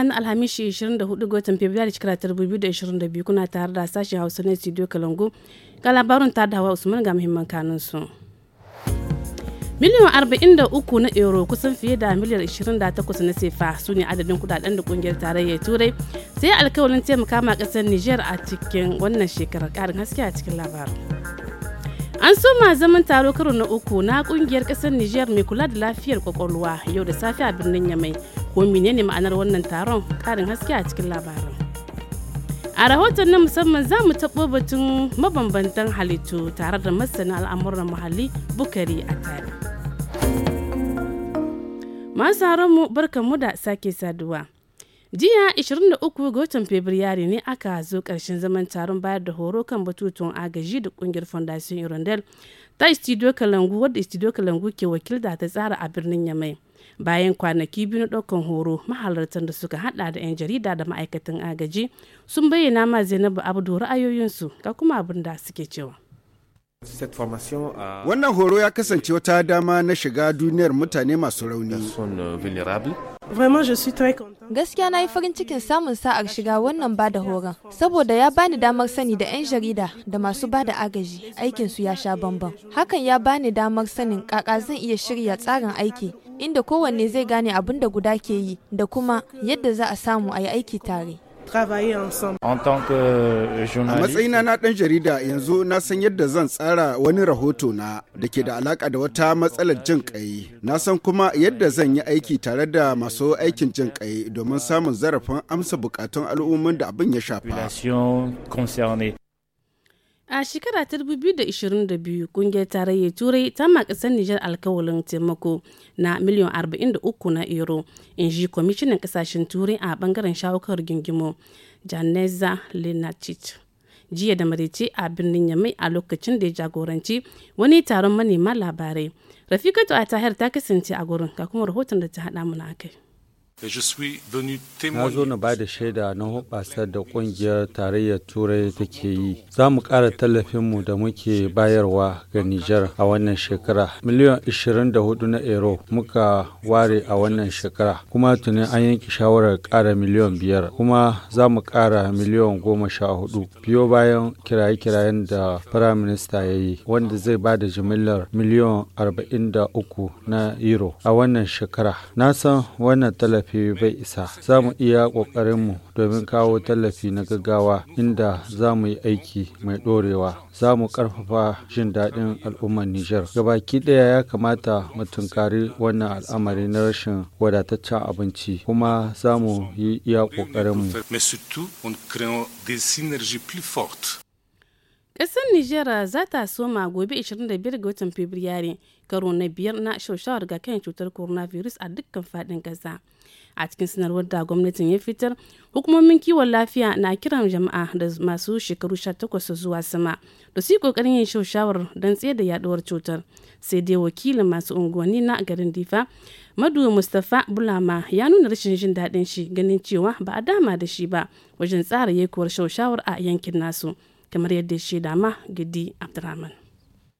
ranar alhamishi 24 ga watan fabrairu shekara 2022 kuna tare da sashen hausa na studio kalangu ga labarin tare da hawa usman ga muhimman su miliyan 43 na euro kusan fiye da miliyan 28 na sefa su ne adadin kudaden da kungiyar tarayyar turai sai alkawalin taimaka ma kasar niger a cikin wannan shekarar karin haske a cikin labarin an soma zaman taro karo na uku na kungiyar kasar niger mai kula da lafiyar kwakwalwa yau da safe a birnin yamai ko menene ma'anar wannan taron karin haske a cikin labarin a rahoton na musamman za mu taɓo batun mabambantan halittu tare da masana al'amuran muhalli bukari a tare masu mu barkanmu da sake saduwa jiya 23 ga watan fabrairu ne aka zo karshen zaman taron bayar da horo kan batutuwan agaji da kungiyar fondation irondel ta studio kalangu wadda studio kalangu ke da ta tsara a birnin yamai bayan kwanaki biyu na ɗaukan horo mahalartan da suka hada da 'yan jarida da ma'aikatan agaji sun bayyana ma zainabu abdu ra'ayoyinsu ga kuma abin da suke cewa Wannan horo ya kasance wata dama na shiga duniyar mutane masu rauni. Euh, Gaskiya na yi farin cikin samun sa'ar shiga wannan ba da horon, saboda ya bani damar sani da 'yan jarida da masu ba da agaji aikinsu ya sha bambam. Hakan ya bani damar sanin kaka zan iya shirya tsarin aiki, inda kowanne zai gane abin da guda ke yi da kuma yadda za a samu a yi aiki tare. travailler ensemble. En tant que euh, journaliste. A matsayina na ɗan jarida yanzu na san yadda zan tsara wani rahoto na da ke da alaka da wata matsalar jin kai. Na san kuma yadda zan yi aiki tare da masu aikin jin kai domin samun zarafin amsa bukatun al'umman da abin ya shafa. A shekara ta 2022 kungiyar tarayyar Turai ta makasar Nijar alkawalin taimako na miliyan 43 na euro in ji kwamishinan kasashen Turai a bangaren shawakar gingimo Janeza Lenacic. Jiya da marece a birnin Yamai a lokacin da ya jagoranci wani taron manema labarai. Rafikatu a tahir ta kasance a gurin ka kuma rahoton da ta haɗa na kai. Na zo na ba da shaida na hoɓasar da ƙungiyar tarayyar Turai take yi. Za mu ƙara tallafinmu da muke bayarwa ga Nijar a wannan shekara. Miliyan 24 na ero muka ware a wannan shekara. Kuma tuni an yanke shawarar ƙara miliyan biyar. Kuma za mu ƙara miliyan goma sha hudu. Biyo bayan kiraye-kirayen da Firaminista ya yi, wanda zai ba da jimillar miliyan 43 na euro a wannan shekara. Na san wannan tallafin tallafi bai isa za mu iya ƙoƙarinmu domin kawo tallafi na gaggawa inda za mu yi aiki mai ɗorewa za mu ƙarfafa jin daɗin al'ummar Nijar. Gabaki ɗaya ya kamata mu tunkari wannan al'amari na rashin wadataccen abinci kuma za mu yi iya ƙoƙarinmu. Ƙasar Nijar za ta soma gobe 25 ga watan Fabrairu karo na biyar na shawarar kan cutar coronavirus a dukkan faɗin ƙasa. a cikin sanarwar da gwamnatin ya fitar hukumomin kiwon lafiya na kiran jama'a da masu shekaru 18 zuwa sama da su yi kokarin yin shawar don tsaye da yaduwar cutar sai dai wakilin masu unguwanni na garin difa madu mustapha bulama ya nuna rashin jin daɗin shi ganin cewa ba a dama da shi ba wajen tsara yekuwar shawar a yankin nasu kamar yadda shi dama gidi abdulrahman.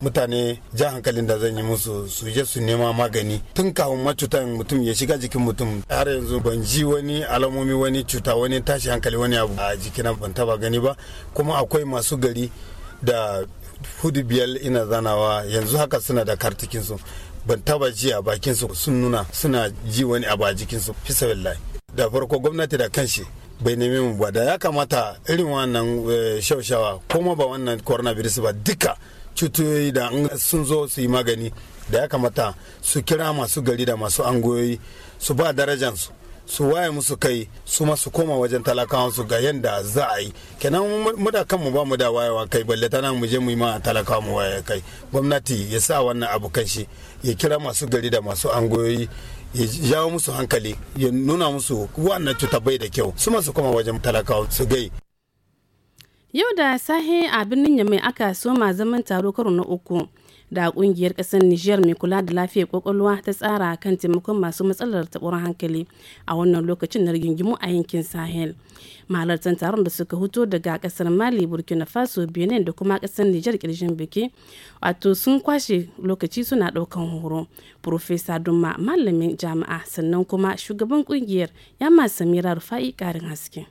mutane ja hankalin da zan yi musu su je su nema magani tun kafin macutan mutum ya shiga jikin mutum har yanzu ban ji wani alamomi wani cuta wani tashi hankali wani abu a jikina ban taba gani ba kuma akwai masu gari da hudu biyar ina zanawa yanzu haka suna da kartikinsu ban taba ji a bakinsu sun nuna suna ji wani abu a jikinsu fisa da farko gwamnati da kanshi bai nemi mu ba da ya kamata irin wannan eh, shaushawa kuma ba wannan coronavirus ba duka cutoyi da sun zo su yi magani da ya kamata su kira masu gari da masu angoyoyi su ba darajansu su waye musu kai su masu koma wajen talakawa su ga yadda za a yi kenan mu da kanmu ba mu da wayewa kai balle ta nan mu je mu yi ma talakawa mu waye kai gwamnati ya sa wannan abu kan shi ya kira masu gari da masu angoyoyi ya jawo musu hankali ya nuna musu wannan cuta bai da kyau su masu koma wajen talakawa su gai Yau da sahe a birnin Yamai aka soma zaman taro karo na uku da kungiyar ƙasar Nijar mai kula da lafiyar kwakwalwa ta tsara kan taimakon masu matsalar taɓar hankali a wannan lokacin na rigingimu a yankin Sahel. Mahalartan taron da suka huto daga ƙasar Mali, Burkina Faso, Benin da kuma ƙasar Nijar ƙirjin biki wato sun kwashe lokaci suna ɗaukan horo. Profesa Dumma malamin jami'a sannan kuma shugaban kungiyar Yama Samira Rufa'i ƙarin haske.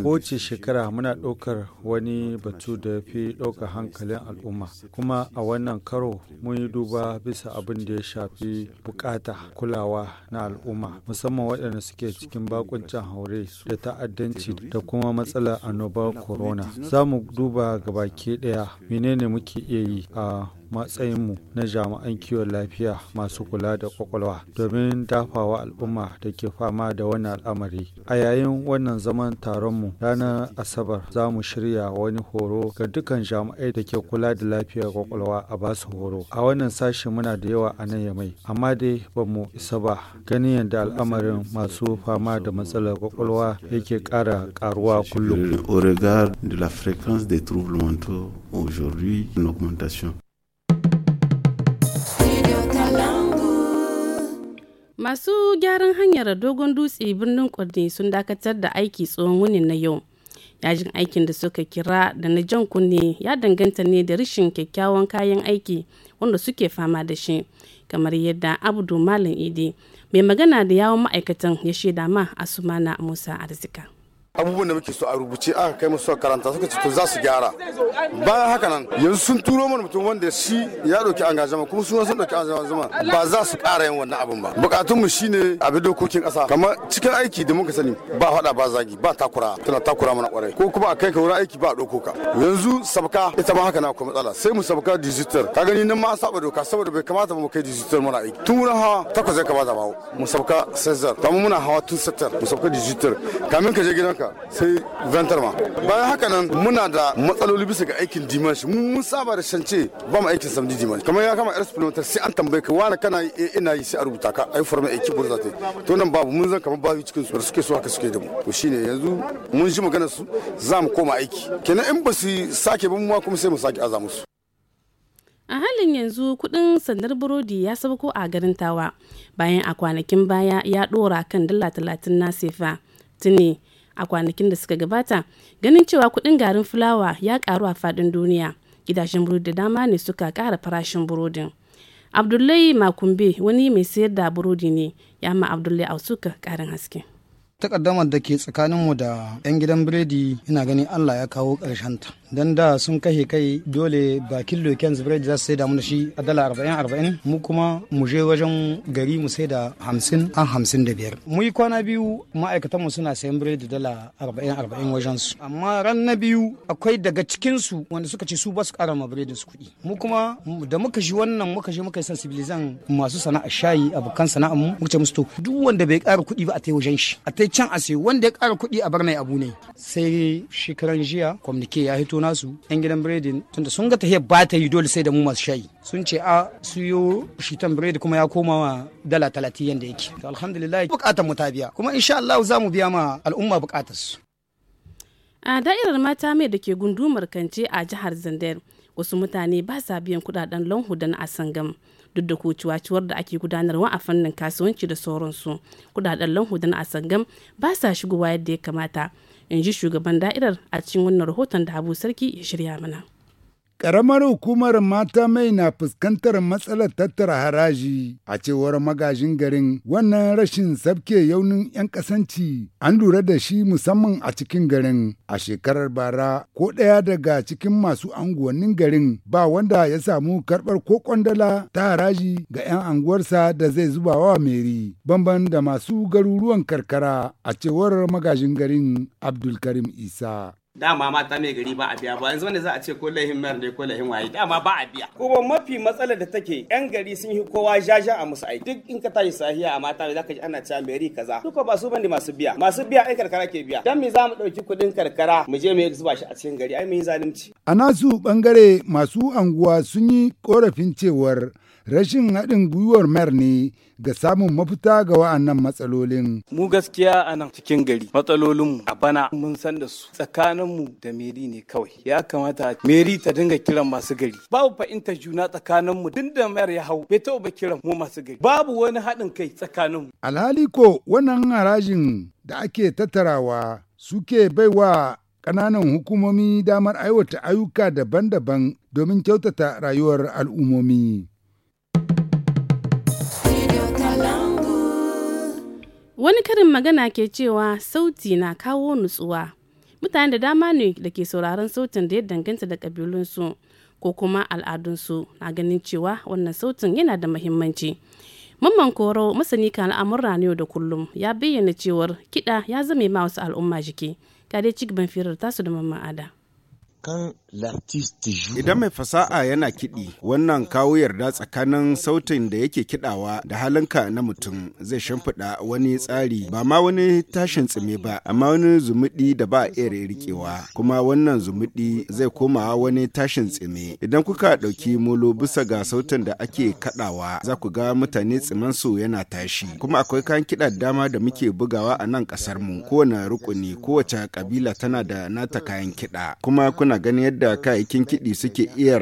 Kowace shekara muna ɗaukar wani batu da fi ɗaukar hankalin al'umma. Kuma a wannan karo mun yi duba bisa abin da ya shafi bukata kulawa na al'umma musamman waɗanda suke cikin bakuncin haure da ta'addanci da kuma matsalar annobar corona. Za mu duba gabaki ɗaya menene muke iya yi a matsayinmu na jami'an kiwon lafiya masu kula da kwakwalwa domin dafawa al'umma da ke fama da wannan al'amari a yayin wannan zaman taronmu ranar asabar za mu shirya wani horo ga dukkan jami'ai da ke kula da lafiyar kwakwalwa a basu horo a wannan sashi muna da yawa a nan yamai amma dai ba mu isa ba ganin yadda al'amarin masu fama da matsalar kwakwalwa yake ƙara ƙaruwa kullum au regard de la fréquence des troubles mentaux aujourd'hui une augmentation masu gyaran hanyar dogon dutse birnin kudni sun dakatar da aiki tsohon wuni na yau yajin aikin da suka kira da na jan kunne ya danganta ne da rashin kyakkyawan kayan aiki wanda suke fama da shi kamar yadda abdu malam idi mai magana da yawon ma'aikatan ya shaida ma asumana musa arzika abubuwan da muke so a rubuce aka kai musu karanta suka ce to za su gyara bayan haka nan yanzu sun turo mana mutum wanda shi ya dauki angajama kuma su sun dauki angajama ba za su kara yin wannan abin ba bukatun mu shine a bi dokokin kasa kamar cikin aiki da muka sani ba hada ba zagi ba takura tana takura mana kwarai ko kuma a kai ka wurin aiki ba a ka yanzu sabka ita ma haka na akwai matsala sai mu sabka digital ka gani nan ma an saba doka saboda bai kamata mu kai digital muna aiki tun wurin hawa takwas ya kamata ba mu sabka sensor kamar muna hawa tun sattar mu sabka digital kamin ka je gidan haka sai ventarma bayan haka nan muna da matsaloli bisa ga aikin dimanshi mun saba da shance ba mu aikin samdi dimanshi kamar ya kama experimental sai an tambaye ka wani kana yi eh, ina yi sai a rubuta ka ai forma aiki burza ta to nan babu mun zan kamar babu cikin su da suke so haka suke da mu to shine yanzu mun ji magana su za mu koma aiki kenan in ba su sake ba mu kuma sai mu sake aza su a halin yanzu kudin sandar burodi ya sabko a garin tawa bayan a kwanakin baya ya dora kan dala talatin na sefa tuni a kwanakin da suka gabata ganin cewa kudin garin fulawa ya karu a fadin duniya gidajen burodi da dama ne suka kara farashin burodin abdullahi makumbe wani mai sayar da burodi ne ya ma abdullahi suka karin haske takaddamar da ke tsakaninmu da 'yan gidan biredi ina ganin allah ya kawo ƙarshen ta dan da sun kashe kai dole bakin loken zubrai za su sai da muna shi a dala arba'in arba'in mu kuma mu je wajen gari mu sai da 50 an 55 da biyar mu yi kwana biyu ma'aikatanmu suna sayan biredi dala arba'in arba'in wajen su amma ran na biyu akwai daga cikinsu su wanda suka ce su ba su kara biredin su kuɗi mu kuma da muka shi wannan muka shi muka yi sensibilizan masu sana'a shayi abokan sana'a mu muka ce musu to duk wanda bai kara kuɗi ba a tai wajen shi a tai can a sai wanda ya kara kuɗi a bar mai abu ne sai shekaran jiya kwamnike ya hito nasu yan gidan biredin tunda sun ga ta ba ta yi dole sai da mu masu shayi sun ce a shitan biredi kuma ya koma wa dala talatin yadda yake to alhamdulillah bukatar mu ta biya kuma insha Allah za mu biya ma al'umma bukatar su a da'irar mata mai da ke gundumar kance a jihar zander wasu mutane ba sa biyan kudaden lanhu da na duk da kuciwaciwar da ake gudanarwa a fannin kasuwanci da sauransu kudaden lanhu da na ba sa shigowa yadda ya kamata in ji shugaban da'irar a cikin wannan rahoton da abu sarki ya shirya mana Ƙaramar hukumar mata mai na fuskantar matsalar tattara haraji a cewar magajin garin wannan rashin sabke yaunin 'yan kasanci an lura da shi musamman a cikin garin a shekarar bara ko ɗaya daga cikin masu anguwannin garin ba wanda ya samu karɓar ko kwandala ta haraji ga 'yan anguwarsa da zai zuba wa meri banban da masu garuruwan karkara a cewar magajin garin Abdulkarim Isa. dama mata mai gari ba a biya ba yanzu wanda za a ce ko laihin mayar ne ko laihin waye dama ba a biya kuma mafi matsalar da take yan gari sun yi kowa jaja a musu aiki duk in ka tashi sahiya a mata za ka ji ana cewa meri kaza duka ba su bane masu biya masu biya ai karkara ke biya dan me za mu dauki kudin karkara mu je mu zuba shi a cikin gari ai mun yi zalunci a nasu bangare masu anguwa sun yi korafin cewar rashin haɗin gwiwar mayar ne ga samun mafita ga wa'annan matsalolin. Mu gaskiya a nan cikin gari matsalolinmu a bana mun san da su tsakaninmu da meri ne kawai ya kamata meri ta dinga kiran masu gari babu fahimtar juna tsakaninmu duk da mayar ya hau bai taɓa kiran mu masu gari babu wani haɗin kai tsakaninmu. Alhali ko wannan harajin da ake tattarawa suke baiwa ƙananan hukumomi damar aiwata ayyuka daban-daban domin kyautata rayuwar al'ummomi. Wani karin magana ke cewa sauti na kawo nutsuwa. Mutane da dama ne da ke sauraron sautin da ya danganta da ƙabilunsu ko kuma al'adunsu na ganin cewa wannan sautin yana da muhimmanci. Mamman Koro masani kan al'amurra ne da kullum ya bayyana cewar kiɗa ya zame ma wasu al'umma jiki. Kade ci gaban firar tasu da mamman Ada. Idan mai fasaha yana kiɗi, wannan kawo yarda tsakanin sautin da yake kiɗawa da halinka na mutum zai shimfiɗa wani tsari ba ma wani tashin tsime ba, amma wani zumuɗi da ba a iya rikewa, kuma wannan zumuɗi zai koma wani tashin tsime. Idan kuka ɗauki molo bisa ga sautin da ake kaɗawa, za ku ga mutane tsimansu yana tashi. Kuma akwai kayan kiɗa dama da muke bugawa a nan ƙasar mu. Kowane rukuni, kowace ƙabila tana da nata kayan kiɗa. Kuma kuna na ganin yadda kayayyakin kiɗi suke iya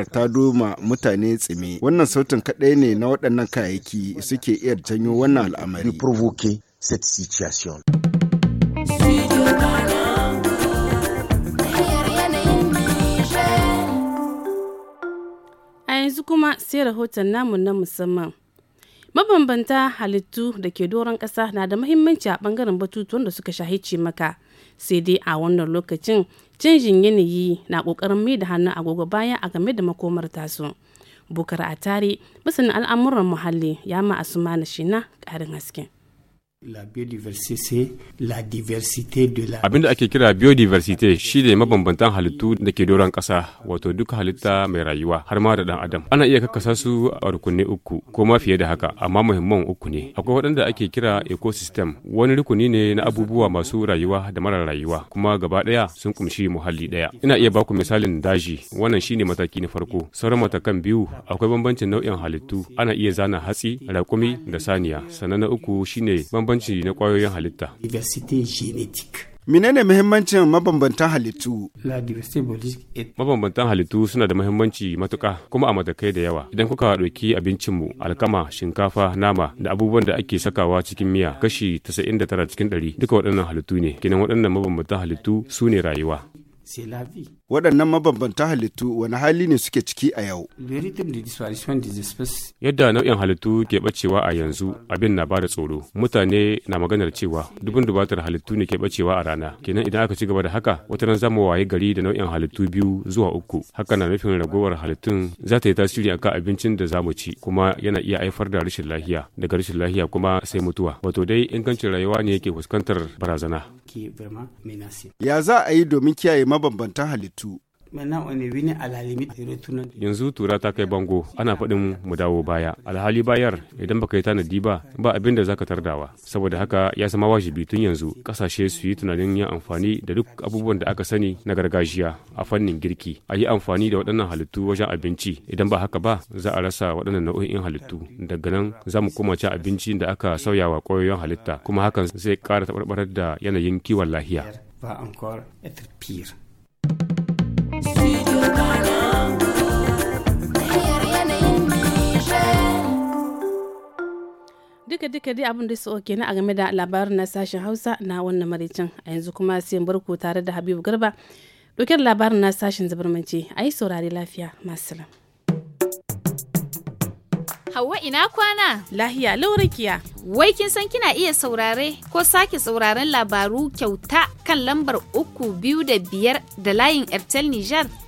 ma mutane tsime. Wannan sautin kaɗai ne na waɗannan kayayyaki suke iya janyo wannan al'amari. A yanzu kuma sai rahoton namu na musamman. Mabambanta halittu da ke doron ƙasa na da muhimmanci a ɓangaren batutuwan da suka shahice maka. sai dai a wannan lokacin canjin yanayi na kokarin mai da hannun agogo baya a game da makomar tasu bukar atari masanin al'amuran muhalli ya ma asuma na shina karin haske Abin da ake kira biodiversity shi ne mabambantan halittu da ke doron ƙasa wato duka halitta mai rayuwa har ma da ɗan adam. Ana iya kakkasa su a rukunni uku ko ma fiye da haka amma muhimman uku ne. Akwai waɗanda ake kira ecosystem wani rukuni ne na abubuwa masu rayuwa da marar rayuwa kuma gaba ɗaya sun kumshi muhalli ɗaya. Ina iya baku misalin daji wannan shine mataki na farko. Sauran matakan biyu akwai bambancin nau'in halittu ana iya zana hatsi, raƙumi da saniya. Sannan na uku shine bambancin bambanci na kwayoyin halitta. Menene mahimmancin mabambantan halittu? Mabambantan halittu suna da mahimmanci matuka kuma a matakai da yawa. Idan kuka ɗauki abincinmu, alkama, shinkafa, nama da abubuwan da ake sakawa cikin miya kashi 99 cikin 100 duka waɗannan halittu ne. Kinan waɗannan mabambantan halittu su ne rayuwa. waɗannan mabambanta halittu wani hali ne suke ciki a yau. Yadda nau'in halittu ke bacewa a yanzu abin na bada tsoro. Mutane na maganar cewa dubin dubatar halittu ne ke bacewa a rana. Kenan idan aka ci gaba da haka wata ran zamu waye gari da nau'in halittu biyu zuwa uku. Haka na nufin ragowar halittun za ta yi tasiri akan abincin da zamu ci kuma yana iya haifar da rashin lahiya Daga rashin lahiya kuma sai mutuwa. Wato dai ingancin rayuwa ne yake fuskantar barazana. Ya za a yi domin kiyaye mabambantan halittu? yanzu tura ta kai bango ana faɗin mu dawo baya alhali bayar idan baka yi tanadi ba ba abin da zaka tardawa saboda haka ya zama wajibi tun yanzu kasashe su yi tunanin yin amfani da duk abubuwan da aka sani na gargajiya a fannin girki a yi amfani da waɗannan halittu wajen abinci idan ba haka ba za a rasa waɗannan nau'o'in halittu daga nan za mu koma cin abinci da aka sauya wa ƙwayoyin halitta kuma hakan zai ƙara taɓarɓarar da yanayin kiwon lafiya. duka dai abin da su oke na a game da labarin na sashen hausa na wannan maricin a yanzu kuma sai barku tare da habibu garba dokar labarin na sashen zabarmanci a yi saurari lafiya masu salam Hauwa ina kwana? Lahiya laurakiya. Wai kin san kina iya saurare ko sake sauraren labaru kyauta kan lambar uku biyu da biyar da layin Airtel Niger?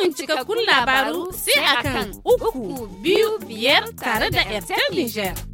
Samun cikakkun labaru sai akan uku biyu biyar tare da Airtel Niger.